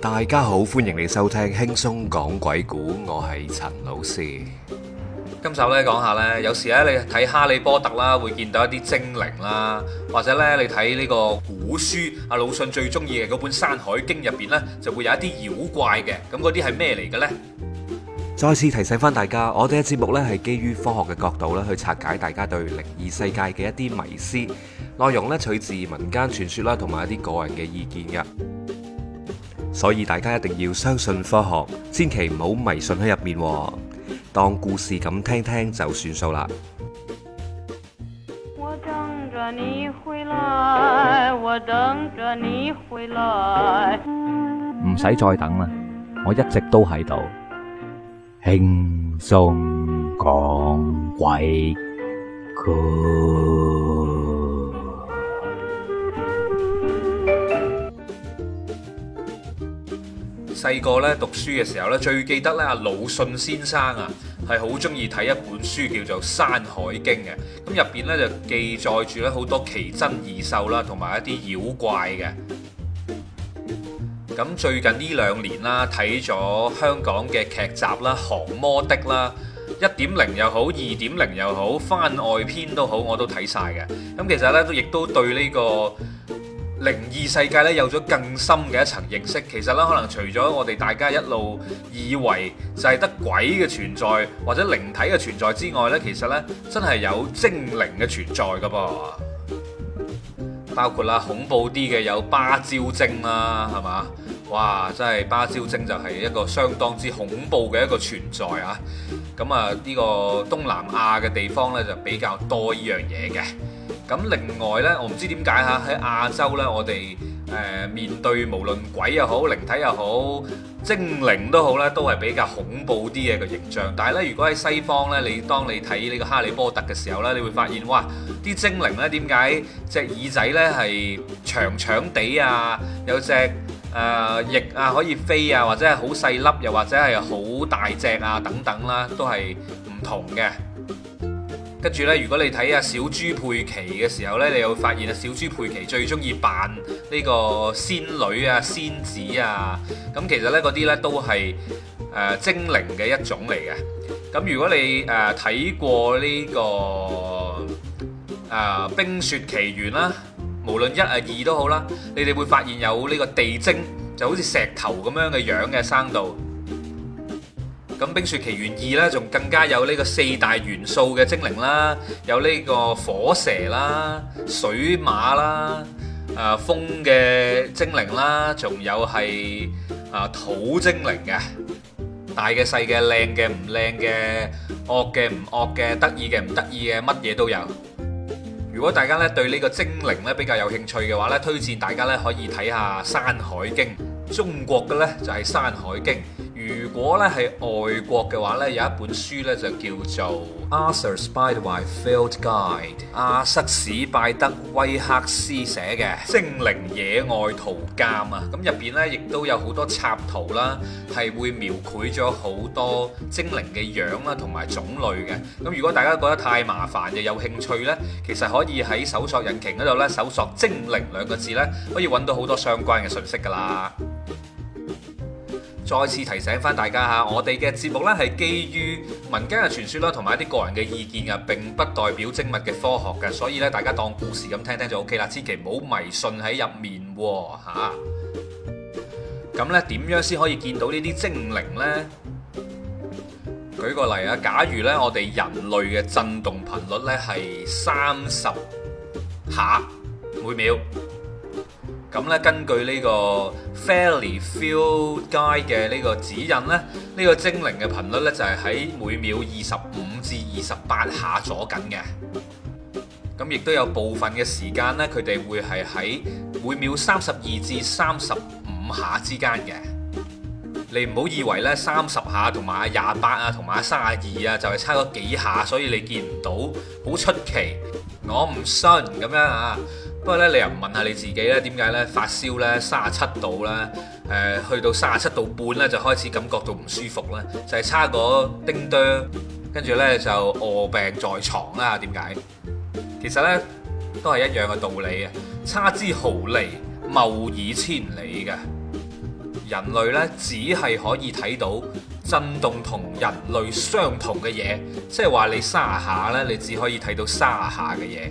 大家好，歡迎你收聽輕鬆講鬼故。我係陳老師。今集咧講下咧，有時咧你睇哈利波特啦，會見到一啲精靈啦，或者咧你睇呢個古書，阿、啊、魯迅最中意嘅嗰本《山海經》入邊呢，就會有一啲妖怪嘅。咁嗰啲係咩嚟嘅呢？再次提醒翻大家，我哋嘅節目呢係基於科學嘅角度呢，去拆解大家對靈異世界嘅一啲迷思，內容呢取自民間傳說啦，同埋一啲個人嘅意見嘅。所以大家一定要相信科學，千祈唔好迷信喺入面，當故事咁聽聽就算數啦。我等着你回來，我等着你回來。唔使再等啦，我一直都喺度，輕鬆講鬼故事。細個咧讀書嘅時候咧，最記得咧阿魯迅先生啊，係好中意睇一本書叫做《山海經》嘅。咁入邊咧就記載住咧好多奇珍異獸啦，同埋一啲妖怪嘅。咁最近呢兩年啦，睇咗香港嘅劇集啦，《降魔的》啦，一點零又好，二點零又好，番外篇都好，我都睇晒嘅。咁其實咧，亦都對呢個。靈異世界咧有咗更深嘅一層認識，其實咧可能除咗我哋大家一路以為就係得鬼嘅存在或者靈體嘅存在之外呢，其實咧真係有精靈嘅存在嘅噃，包括啦恐怖啲嘅有芭蕉精啦，啊，係嘛？哇！真係芭蕉精就係一個相當之恐怖嘅一個存在啊！咁啊呢個東南亞嘅地方呢，就比較多呢樣嘢嘅。咁另外呢，我唔知點解吓喺亞洲呢，我哋誒面對無論鬼又好、靈體又好、精靈都好呢，都係比較恐怖啲嘅個形象。但係呢，如果喺西方呢，你當你睇呢個《哈利波特》嘅時候呢，你會發現哇，啲精靈呢點解隻耳仔呢係長長地啊，有隻誒翼啊可以飛啊，或者係好細粒，又或者係好大隻啊等等啦，都係唔同嘅。跟住呢，如果你睇下小豬佩奇嘅時候呢，你會發現啊，小豬佩奇最中意扮呢個仙女啊、仙子啊。咁其實呢，嗰啲呢都係誒、呃、精靈嘅一種嚟嘅。咁如果你誒睇、呃、過呢、這個誒、呃《冰雪奇緣》啦，無論一啊二都好啦，你哋會發現有呢個地精，就好似石頭咁樣嘅樣嘅生到。咁《冰雪奇緣二》咧，仲更加有呢個四大元素嘅精靈啦，有呢個火蛇啦、水馬啦、誒風嘅精靈啦，仲有係誒土精靈嘅，大嘅、細嘅、靚嘅、唔靚嘅、惡嘅、唔惡嘅、得意嘅、唔得意嘅，乜嘢都有。如果大家咧對呢個精靈咧比較有興趣嘅話咧，推薦大家咧可以睇下《山海經》，中國嘅咧就係《山海經》。如果咧係外國嘅話咧，有一本書咧就叫做《Arthur Spiderwick's Field Guide》，阿瑟史拜德威克斯寫嘅《精靈野外圖鑑》啊，咁入邊咧亦都有好多插圖啦，係會描繪咗好多精靈嘅樣啦同埋種類嘅。咁如果大家覺得太麻煩又有興趣咧，其實可以喺搜索引擎嗰度咧搜索「精靈」兩個字咧，可以揾到好多相關嘅信息噶啦。再次提醒翻大家嚇，我哋嘅節目咧係基於民間嘅傳說啦，同埋一啲個人嘅意見嘅，並不代表精密嘅科學嘅，所以咧大家當故事咁聽聽就 OK 啦，千祈唔好迷信喺入面喎嚇。咁咧點樣先可以見到呢啲精靈呢？舉個例啊，假如咧我哋人類嘅震動頻率咧係三十下每秒。咁咧，根據呢個 Fairy Field Guide 嘅呢個指引咧，呢個精靈嘅頻率呢就係喺每秒二十五至二十八下左右嘅。咁亦都有部分嘅時間呢，佢哋會係喺每秒三十二至三十五下之間嘅。你唔好以為呢三十下同埋廿八啊，同埋三十二啊，就係差咗幾下，所以你見唔到好出奇，我唔信咁樣啊！不過咧，你又唔問下你自己咧，點解咧發燒咧卅七度咧，誒、呃、去到卅七度半咧就開始感覺到唔舒服咧，就係、是、差個叮噹，跟住咧就臥病在床啦。點解？其實咧都係一樣嘅道理嘅，差之毫厘，謬以千里嘅。人類咧只係可以睇到震動同人類相同嘅嘢，即係話你沙下咧，你只可以睇到沙下嘅嘢。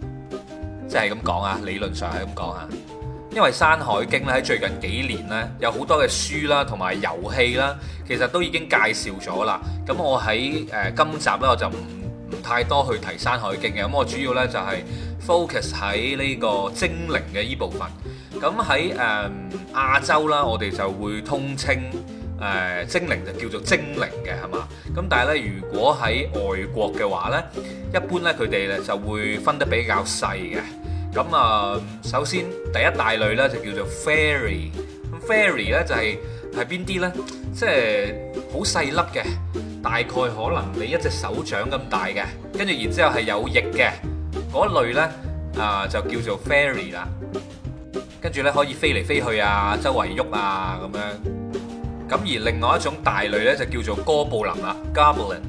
即係咁講啊，理論上係咁講啊，因為《山海經》咧喺最近幾年咧有好多嘅書啦，同埋遊戲啦，其實都已經介紹咗啦。咁我喺誒今集咧我就唔唔太多去提《山海經》嘅，咁我主要咧就係 focus 喺呢個精靈嘅呢部分。咁喺誒亞洲啦，我哋就會通稱誒精靈就叫做精靈嘅，係嘛？咁但係咧，如果喺外國嘅話咧，一般咧佢哋咧就會分得比較細嘅。咁啊，首先第一大類咧就叫做 fairy，fairy 咧就係係邊啲咧？即係好細粒嘅，大概可能你一隻手掌咁大嘅，跟住然之後係有翼嘅嗰類咧，啊就叫做 fairy 啦，跟住咧可以飛嚟飛去啊，周圍喐啊咁樣。咁而另外一種大類咧就叫做 goblin 啦，goblin，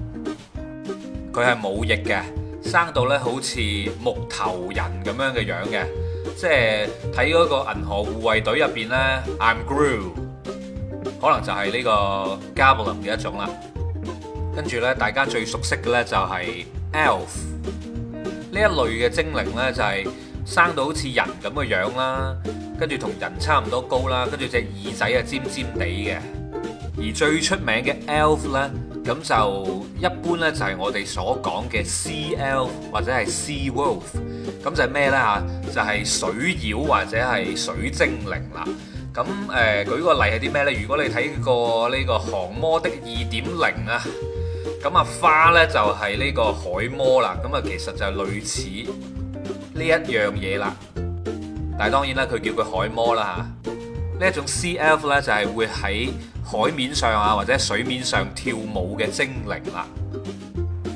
佢係冇翼嘅。生到咧好似木頭人咁樣嘅樣嘅，即係睇嗰個銀河護衛隊入邊呢。I'm Groot 可能就係呢個 Goblin 嘅一種啦。跟住呢，大家最熟悉嘅呢就係 Elf 呢一類嘅精靈呢，就係，就係生到好似人咁嘅樣啦，跟住同人差唔多高啦，跟住隻耳仔啊尖尖地嘅。而最出名嘅 Elf 呢。咁就一般呢，就係我哋所講嘅 sea elf 或者係 sea wolf，咁就係咩呢吓？就係水妖或者係水精靈啦。咁誒，舉個例係啲咩呢？如果你睇過呢個《降魔的二點零》啊，咁啊花呢就係呢個海魔啦。咁啊，其實就係類似呢一樣嘢啦。但係當然啦，佢叫佢海魔啦吓。呢一種 CF 呢，就係、是、會喺海面上啊，或者水面上跳舞嘅精靈啦。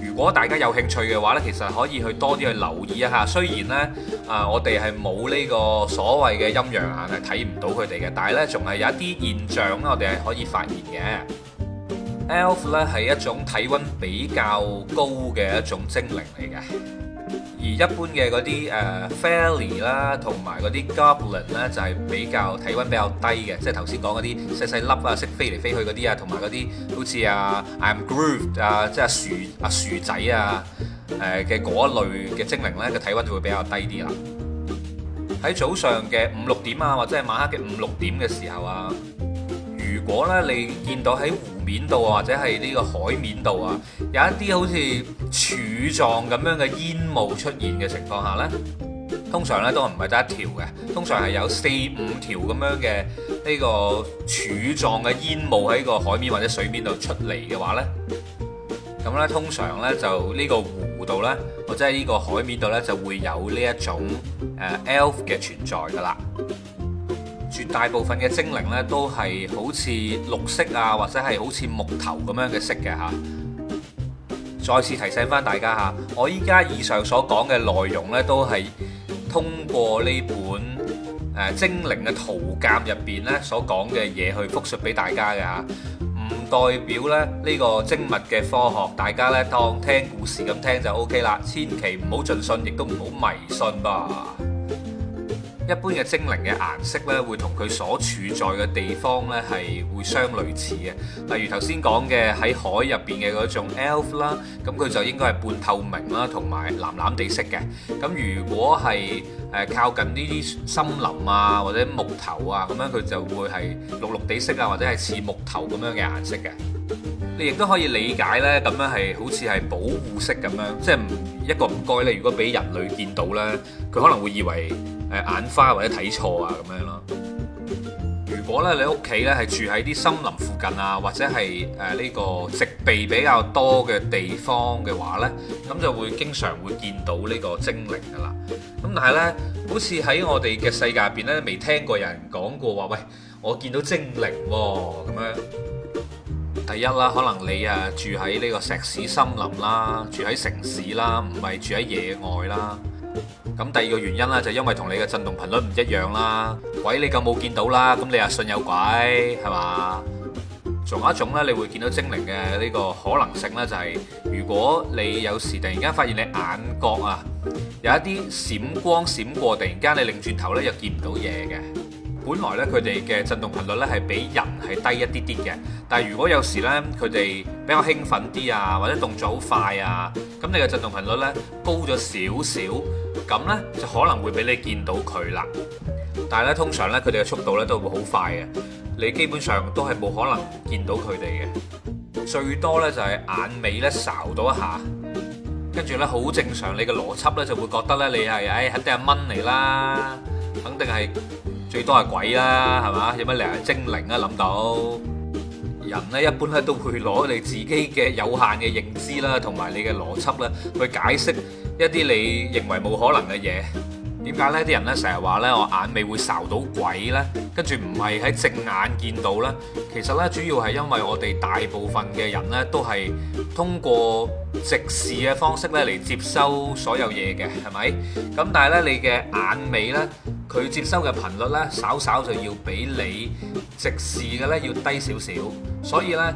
如果大家有興趣嘅話呢，其實可以去多啲去留意一下。雖然呢，啊，我哋係冇呢個所謂嘅陰陽眼係睇唔到佢哋嘅，但係呢，仲係有一啲現象咧，我哋係可以發現嘅。嗯、Elf 呢，係一種體温比較高嘅一種精靈嚟嘅。而一般嘅嗰啲誒 Fairy 啦，同埋嗰啲 Goblin 咧，就係、是、比較體溫比較低嘅，即係頭先講嗰啲細細粒啊，識飛嚟飛去嗰啲啊，同埋嗰啲好似啊 I am Groot 啊，即係樹啊樹仔啊，誒嘅嗰一類嘅精靈咧，個、啊、體溫就會比較低啲啦。喺早上嘅五六點啊，或者係晚黑嘅五六點嘅時候啊，如果咧你見到喺面度或者係呢個海面度啊，有一啲好似柱狀咁樣嘅煙霧出現嘅情況下呢，通常呢都唔係得一條嘅，通常係有四五條咁樣嘅呢個柱狀嘅煙霧喺個海面或者水面度出嚟嘅話呢。咁呢，通常呢就呢個湖度呢，或者係呢個海面度呢，就會有呢一種誒 elf 嘅存在㗎喇。絕大部分嘅精靈咧，都係好似綠色啊，或者係好似木頭咁樣嘅色嘅吓，再次提醒翻大家吓，我依家以上所講嘅內容呢，都係通過呢本精靈嘅圖鑑入邊呢所講嘅嘢去複述俾大家嘅吓，唔代表咧呢個精密嘅科學，大家呢當聽故事咁聽就 OK 啦，千祈唔好盡信，亦都唔好迷信吧。一般嘅精靈嘅顏色呢，會同佢所處在嘅地方呢係會相類似嘅。例如頭先講嘅喺海入邊嘅嗰種 elf 啦、啊，咁佢就應該係半透明啦，同埋藍藍地色嘅。咁如果係誒靠近呢啲森林啊或者木頭啊咁樣，佢就會係綠綠地色啊，或者係似木頭咁樣嘅顏色嘅。你亦都可以理解呢咁樣係好似係保護色咁樣，即係一個唔該呢。如果俾人類見到呢，佢可能會以為。誒眼花或者睇錯啊咁樣咯。如果咧你屋企咧係住喺啲森林附近啊，或者係誒呢個植被比較多嘅地方嘅話咧，咁就會經常會見到呢個精靈噶啦。咁但係咧，好似喺我哋嘅世界入邊咧，未聽過有人講過話喂，我見到精靈喎咁樣。第一啦，可能你啊住喺呢個石屎森林啦，住喺城市啦，唔係住喺野外啦。咁第二個原因啦，就因為同你嘅震動頻率唔一樣啦。鬼你夠冇見到啦，咁你又信有鬼係嘛？仲有一種呢，你會見到精靈嘅呢個可能性呢、就是，就係如果你有時突然間發現你眼角啊有一啲閃光閃過，突然間你擰轉頭呢，又見唔到嘢嘅。本來咧佢哋嘅震動頻率咧係比人係低一啲啲嘅，但係如果有時咧佢哋比較興奮啲啊，或者動作好快啊，咁你嘅震動頻率咧高咗少少，咁咧就可能會俾你見到佢啦。但係咧通常咧佢哋嘅速度咧都會好快嘅，你基本上都係冇可能見到佢哋嘅，最多咧就係眼尾咧睄到一下，跟住咧好正常，你嘅邏輯咧就會覺得咧你係誒、哎，肯定係蚊嚟啦，肯定係。最多係鬼啦、啊，係嘛？有乜理由精靈啊！諗到人呢，一般咧都會攞你自己嘅有限嘅認知啦、啊，同埋你嘅邏輯啦、啊，去解釋一啲你認為冇可能嘅嘢。點解呢啲人呢？成日話呢，我眼尾會睄到鬼呢。跟住唔係喺正眼見到咧。其實呢，主要係因為我哋大部分嘅人呢，都係通過直視嘅方式呢嚟接收所有嘢嘅，係咪？咁但係呢，你嘅眼尾呢，佢接收嘅頻率呢，稍稍就要比你直視嘅呢要低少少。所以呢，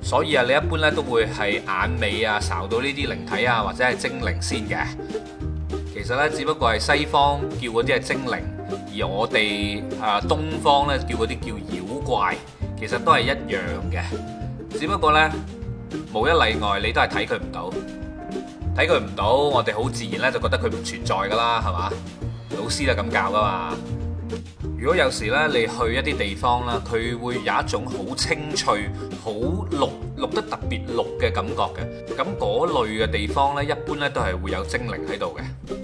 所以啊，你一般呢都會係眼尾啊睄到呢啲靈體啊，或者係精靈先嘅。其實咧，只不過係西方叫嗰啲係精靈，而我哋誒東方咧叫嗰啲叫妖怪，其實都係一樣嘅。只不過呢，無一例外，你都係睇佢唔到，睇佢唔到，我哋好自然咧就覺得佢唔存在㗎啦，係嘛？老師就咁教㗎嘛。如果有時呢，你去一啲地方啦，佢會有一種好清脆、好綠綠得特別綠嘅感覺嘅。咁嗰類嘅地方呢，一般呢都係會有精靈喺度嘅。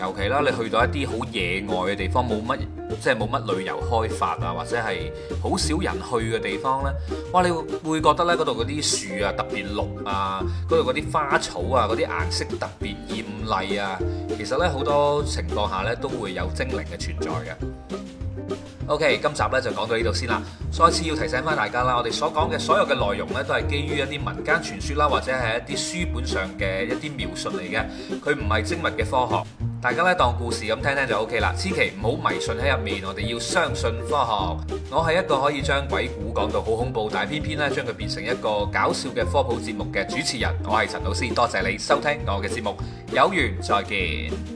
尤其啦，你去到一啲好野外嘅地方，冇乜即係冇乜旅遊開發啊，或者係好少人去嘅地方咧，哇！你會覺得咧嗰度嗰啲樹啊特別綠啊，嗰度嗰啲花草啊嗰啲顏色特別艷麗啊。其實咧好多情況下咧都會有精靈嘅存在嘅。OK，今集咧就講到呢度先啦。再次要提醒翻大家啦，我哋所講嘅所有嘅內容咧都係基於一啲民間傳說啦，或者係一啲書本上嘅一啲描述嚟嘅，佢唔係精密嘅科學。大家咧，當故事咁聽聽就 OK 啦，千祈唔好迷信喺入面，我哋要相信科學。我係一個可以將鬼故講到好恐怖，但係偏偏咧將佢變成一個搞笑嘅科普節目嘅主持人。我係陳老師，多謝你收聽我嘅節目，有緣再見。